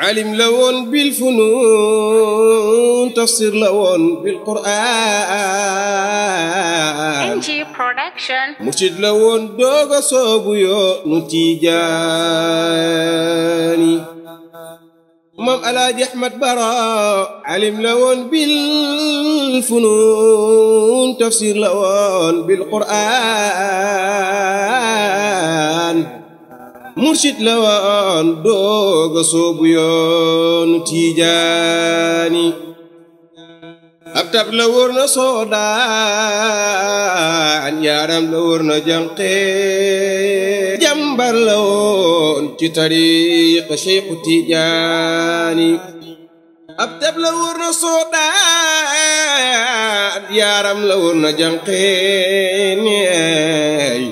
علم لون بالفنون تصير لون بالقرآن NG Production مشد لون دوغا صوبيو نتيجاني مام ألاج أحمد براء علم لون بالفنون تفسير لون بالقرآن mursid la waan dooga soobu yoonu tiijaani ab tab la wër na soodaan yaaram la wër na janqe jàmbar la woon ci tariqa yaram la wër na soodaan yaaram la wër na janqe neey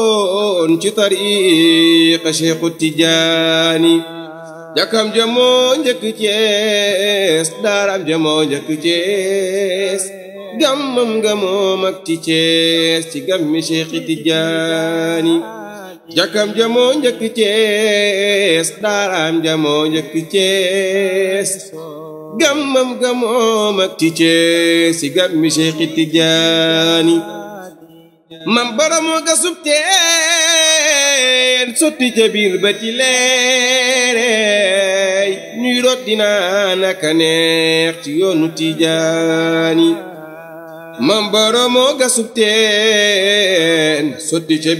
woon ci tariqa Cheikhu Tijaani jàkkam jamoo njëkk Cees daaram jamoo njëkk Cees gàmmam gamoo mag ci Cees ci gàmmi Cheikhi Tijaani jàkkam jamoo njëkk Cees daaram jamoo Cees gàmmam gamoo mag ci Cees ci gàmmi Cheikhi Tijaani mam boromo gasub teen sotti ca biir ba ti leereey ñuy naka neex ci yoonu tijaani mam boromo gasub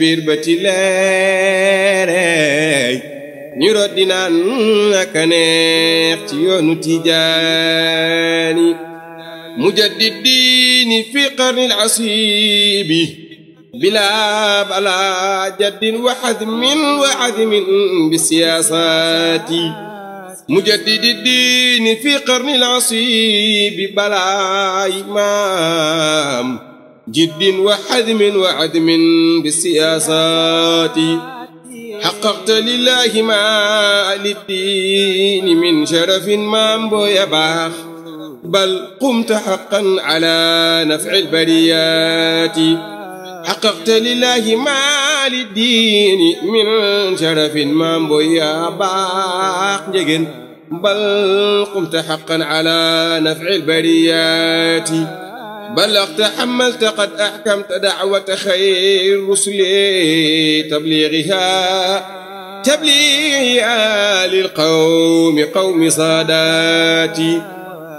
biir ba ti leereey ñuy asiibi بلا بلا جد وحزم وعزم بالسياسات مجدد الدين في قرن العصيب بلا إمام جد وحزم وعزم بالسياسات حققت لله ما للدين من شرف ما باخ بل قمت حقا على نفع البريات حققت لله ما للدين من شرف ما مبويا باق جيجن بل قمت حقا على نفع البريات بلغت حملت قد أحكمت دعوة خير رسلي تبليغها تبليغها للقوم قوم صاداتي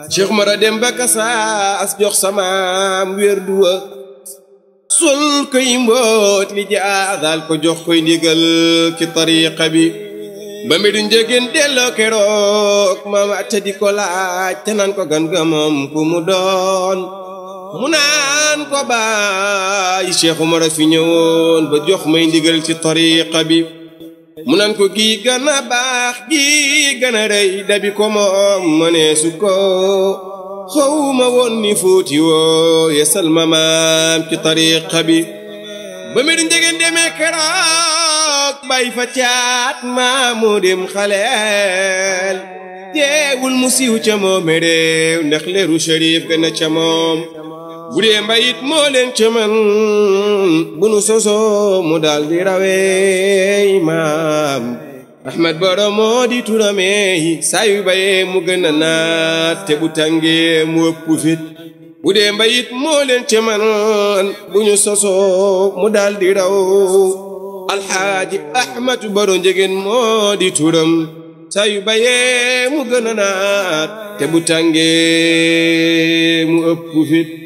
شيخ مرادم بكسا جوخ سمام ويردوه sul kuy mbóot li jaadaal ko jox koy ndigal ci tariqa bi ba mi du njëgin delloo keroog maam atta di ko laaj te naan ko gan ga moom ku mu doon mu naan ko baay Cheikh Umar fi ñëwoon ba jox may ndigal ci tariqa bi mu naan ko gii gën baax gii gën a rëy dabi ko moom mënee su ko xawma woon ni fóoti woo yesal ma maam ci tariqa bi ba mi di njegeen demee keroog fa caat maamu dem xaleel jeewul mu siiw ca moom e réew ndax leeru sharif gën a ca moom bu dee mbayit moo ca man bu nu mu daal di maam Ahmad Baro moo di turame saa yu bayee mu gën a naat te bu tàngee mu ëpp fit bu dee mbayit moo leen bu ñu sosoo mu daal raw alxaaji Ahmadu Baro njegeen moo turam saa yu bayee mu gën naat te bu tàngee mu ëpp fit